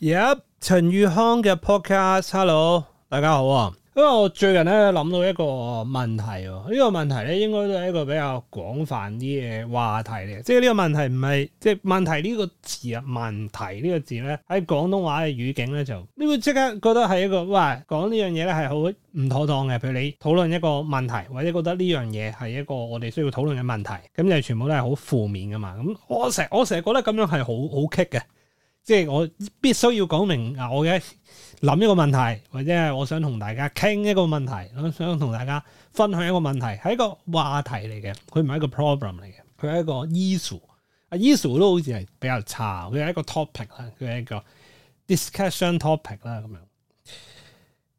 而家陳宇康嘅 podcast，hello，大家好啊！因為我最近咧，諗到一個問題，呢個問題咧，應該都係一個比較廣泛啲嘅話題嚟，即係呢個問題唔係，即係問題呢個字啊，問題呢個字咧喺廣東話嘅語境咧，就你會即刻覺得係一個哇，講呢樣嘢咧係好唔妥當嘅，譬如你討論一個問題，或者覺得呢樣嘢係一個我哋需要討論嘅問題，咁就全部都係好負面噶嘛，咁我成我成日覺得咁樣係好好棘嘅。即係我必須要講明嗱，我嘅諗一個問題，或者係我想同大家傾一個問題，我想同大家分享一個問題，係一個話題嚟嘅，佢唔係一個 problem 嚟嘅，佢係一個 issue。啊，issue 都好似係比較差，佢係一個 topic 啦，佢係一個 discussion topic 啦咁樣。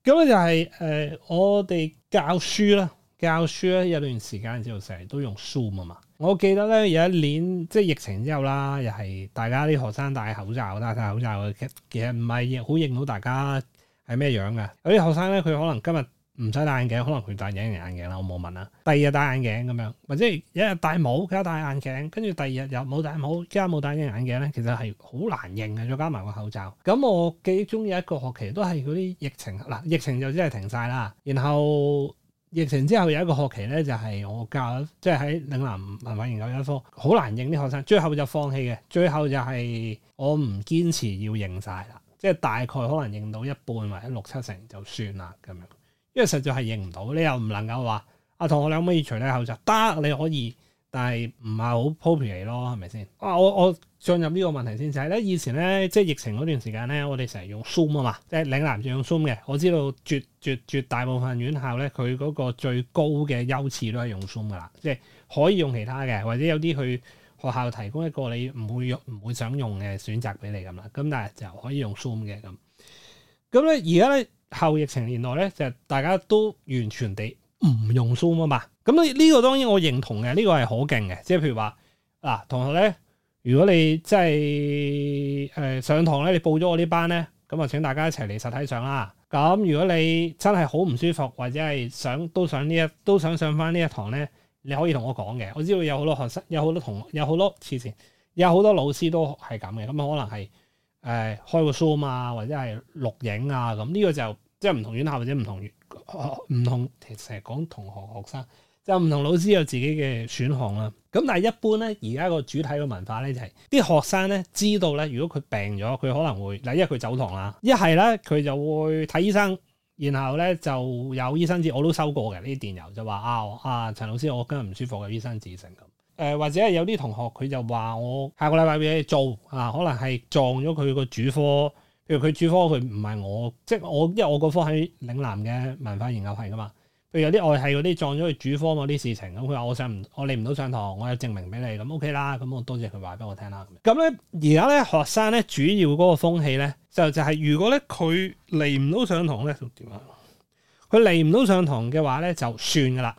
咁咧就係、是、誒、呃，我哋教書啦，教書咧有段時間之後，成日都用 Zoom 啊嘛。我記得咧有一年即係疫情之後啦，又係大家啲學生戴口罩啦，戴口罩嘅，其實唔係好認到大家係咩樣嘅。有啲學生咧，佢可能今日唔使戴眼鏡，可能佢戴隱形眼鏡啦。我冇問啦。第二日戴眼鏡咁樣，或者有一日戴帽佢加戴眼鏡，跟住第二日又冇戴帽加冇戴隱形眼鏡咧，其實係好難認嘅。再加埋個口罩，咁我記憶中有一個學期都係嗰啲疫情嗱，疫情就真係停晒啦，然後。疫情之後有一個學期咧，就係、是、我教即係喺嶺南文化研究一科，好難認啲學生，最後就放棄嘅，最後就係我唔堅持要認晒啦，即係大概可能認到一半或者六七成就算啦咁樣，因為實在係認唔到，你又唔能夠話阿同學，你可唔可以除低口罩？得你可以，但係唔係好 proper 咯，係咪先啊？我我。我進入呢個問題先就係咧，以前咧即係疫情嗰段時間咧，我哋成日用 Zoom 啊嘛，即係嶺南就用 Zoom 嘅。我知道絕絕絕大部分院校咧，佢嗰個最高嘅優次都係用 Zoom 噶啦，即係可以用其他嘅，或者有啲去學校提供一個你唔會用、唔會想用嘅選擇俾你咁啦。咁但係就可以用 Zoom 嘅咁。咁咧而家咧後疫情年代咧，就大家都完全地唔用 Zoom 啊嘛。咁呢呢個當然我認同嘅，呢、呢個係好勁嘅。即係譬如話，嗱、啊、同學咧。如果你即係誒、呃、上堂咧，你報咗我呢班咧，咁啊請大家一齊嚟實體上啦。咁如果你真係好唔舒服，或者係想都想呢一都想上翻呢一堂咧，你可以同我講嘅。我知道有好多學生、有好多同、有好多次傅、有好多老師都係咁嘅。咁可能係誒、呃、開個 Zoom 啊，或者係錄影啊咁。呢個就即係唔同院校或者唔同唔、哦、同其實講同學學生。就唔同老師有自己嘅選項啦，咁但係一般咧，而家個主體嘅文化咧就係、是、啲學生咧知道咧，如果佢病咗，佢可能會嗱因為佢走堂啦，一係咧佢就會睇醫生，然後咧就有醫生紙，我都收過嘅呢啲電郵就話啊啊，陳老師，我今日唔舒服嘅，醫生紙成咁，誒、呃、或者係有啲同學佢就話我下個禮拜要做啊，可能係撞咗佢個主科，譬如佢主科佢唔係我，即係我因為我個科喺嶺南嘅文化研究系㗎嘛。佢有啲外系嗰啲撞咗去主科嗰啲事情，咁佢話我想唔我嚟唔到上堂，我有證明俾你，咁 OK 啦，咁我多謝佢話俾我聽啦。咁咧而家咧學生咧主要嗰個風氣咧、就係，就就係如果咧佢嚟唔到上堂咧，點啊？佢嚟唔到上堂嘅話咧就算噶啦，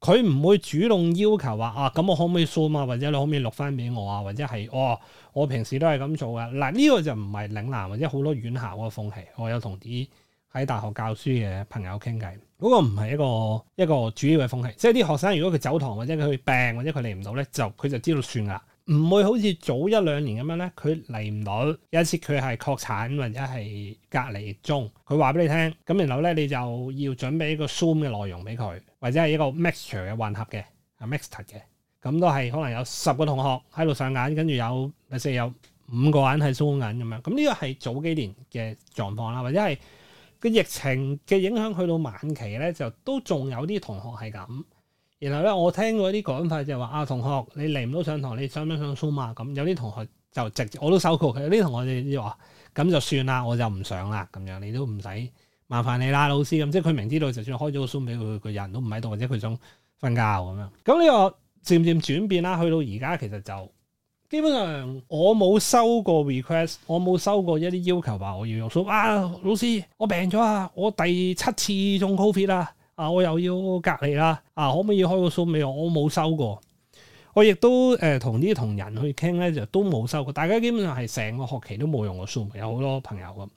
佢唔會主動要求話啊，咁我可唔可以數啊？或者你可唔可以錄翻俾我啊？或者係哦，我平時都係咁做噶。嗱呢、呢個就唔係嶺南或者好多院校個風氣，我有同啲。喺大學教書嘅朋友傾偈，嗰個唔係一個一個主要嘅風氣。即係啲學生如果佢走堂或者佢病或者佢嚟唔到咧，就佢就知道算噶啦，唔會好似早一兩年咁樣咧。佢嚟唔到，有一次佢係確診或者係隔離中，佢話俾你聽，咁然後咧你就要準備一個 Zoom 嘅內容俾佢，或者係一個 Mixture 嘅混合嘅啊 Mixture 嘅，咁都係可能有十個同學喺度上眼，跟住有或者有五個人係 Zoom 咁樣。咁呢個係早幾年嘅狀況啦，或者係。個疫情嘅影響去到晚期咧，就都仲有啲同學係咁。然後咧，我聽過啲講法就話：啊，同學，你嚟唔到上堂，你想想上唔上上 Zoom 啊？咁有啲同學就直接我都收佢。有啲同學就話：咁就算啦，我就唔上啦。咁樣你都唔使麻煩你啦，老師。咁即係佢明知道，就算開咗個 Zoom 俾佢，佢人都唔喺度，或者佢想瞓覺咁樣。咁呢、這個漸漸轉變啦，去到而家其實就。基本上我冇收過 request，我冇收過一啲要求話我要用 Zoom 啊，老師，我病咗啊，我第七次中 Covid 啦、啊，啊我又要隔離啦，啊可唔可以開個 Zoom？未我冇收過，我亦都誒同啲同人去傾咧，就都冇收過。大家基本上係成個學期都冇用過 Zoom，有好多朋友咁。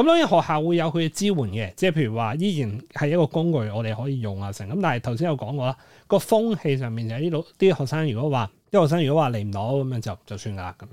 咁當然學校會有佢嘅支援嘅，即係譬如話依然係一個工具，我哋可以用啊成。咁但係頭先有講過啦，個風氣上面就係啲老啲學生如果話。啲學生如果話嚟唔到咁樣，就就算啦咁樣，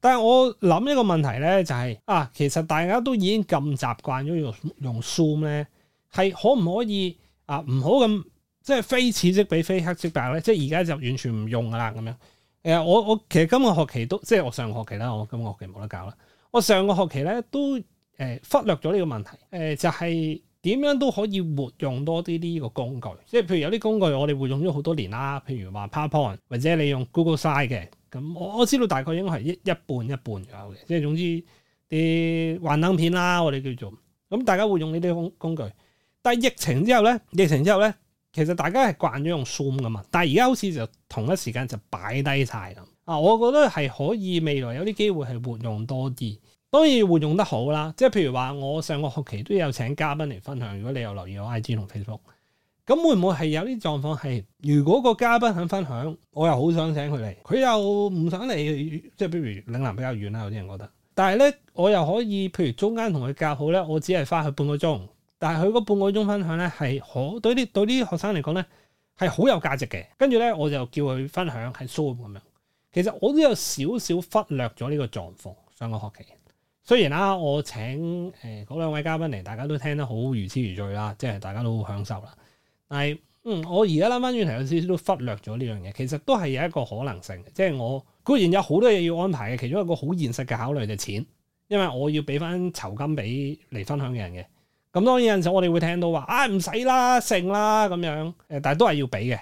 但係我諗一個問題咧就係、是、啊，其實大家都已經咁習慣咗用用 Zoom 咧，係可唔可以啊唔好咁即係非此即彼非黑即白咧？即係而家就完全唔用噶啦咁樣。誒、呃、我我其實今個學期都即係我上個學期啦，我今個學期冇得教啦。我上個學期咧都誒、呃、忽略咗呢個問題，誒、呃、就係、是。點樣都可以活用多啲呢個工具，即係譬如有啲工具我哋活用咗好多年啦，譬如話 PowerPoint 或者你用 Google Slide 嘅，咁我我知道大概應該係一一半一半左右嘅，即係總之啲幻燈片啦，我哋叫做，咁大家會用呢啲工工具，但係疫情之後咧，疫情之後咧，其實大家係慣咗用 Zoom 噶嘛，但係而家好似就同一時間就擺低晒。咁，啊，我覺得係可以未來有啲機會係活用多啲。當然會用得好啦，即係譬如話，我上個學期都有請嘉賓嚟分享。如果你有留意我 IG 同 Facebook，咁會唔會係有啲狀況係？如果個嘉賓肯分享，我又好想請佢嚟，佢又唔想嚟，即係譬如嶺南比較遠啦，有啲人覺得。但係咧，我又可以譬如中間同佢交好咧，我只係返去半個鐘，但係佢嗰半個鐘分享咧係好對啲對啲學生嚟講咧係好有價值嘅。跟住咧，我就叫佢分享喺 Zoom 咁樣。其實我都有少少忽略咗呢個狀況。上個學期。雖然啊，我請誒嗰兩位嘉賓嚟，大家都聽得好如痴如醉啦，即係大家都好享受啦。但係嗯，我而家諗翻轉頭有少少都忽略咗呢樣嘢，其實都係有一個可能性，即係我固然有好多嘢要安排嘅，其中一個好現實嘅考慮就錢，因為我要俾翻酬金俾嚟分享嘅人嘅。咁當然有陣時我哋會聽到話啊，唔使啦，剩啦咁樣，誒但係都係要俾嘅。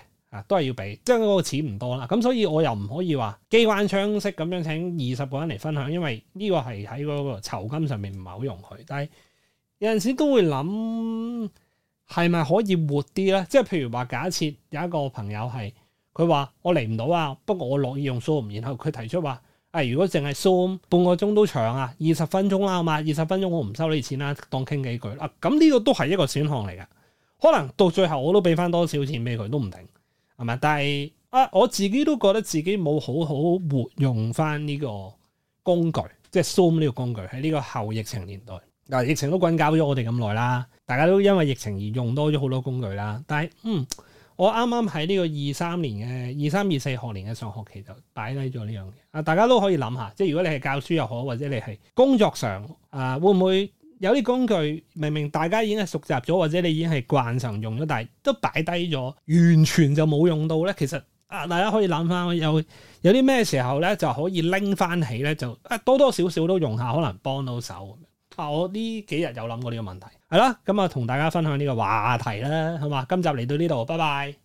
都係要俾，即係嗰個錢唔多啦，咁所以我又唔可以話機關槍式咁樣請二十個人嚟分享，因為呢個係喺嗰個酬金上面唔係好容許。但係有陣時都會諗係咪可以活啲咧？即係譬如話假設有一個朋友係佢話我嚟唔到啊，不過我樂意用 Zoom，然後佢提出話誒、哎，如果淨係 Zoom 半個鐘都長啊，二十分鐘啦嘛，二十分鐘我唔收你錢啦，當傾幾句啦。咁呢個都係一個選項嚟㗎，可能到最後我都俾翻多少錢俾佢都唔定。係嘛？但係啊，我自己都覺得自己冇好好活用翻呢個工具，即係 Zoom 呢個工具喺呢個後疫情年代。嗱、啊，疫情都滾攪咗我哋咁耐啦，大家都因為疫情而用多咗好多工具啦。但係嗯，我啱啱喺呢個二三年嘅二三二四學年嘅上學期就擺低咗呢樣嘢。啊，大家都可以諗下，即係如果你係教書又好，或者你係工作上啊，會唔會？有啲工具明明大家已經係熟習咗，或者你已經係慣常用咗，但係都擺低咗，完全就冇用到咧。其實啊，大家可以諗翻，有有啲咩時候咧就可以拎翻起咧，就啊多多少少都用下，可能幫到手。啊，我呢幾日有諗過呢個問題，係啦，咁啊同大家分享呢個話題啦，好嘛？今集嚟到呢度，拜拜。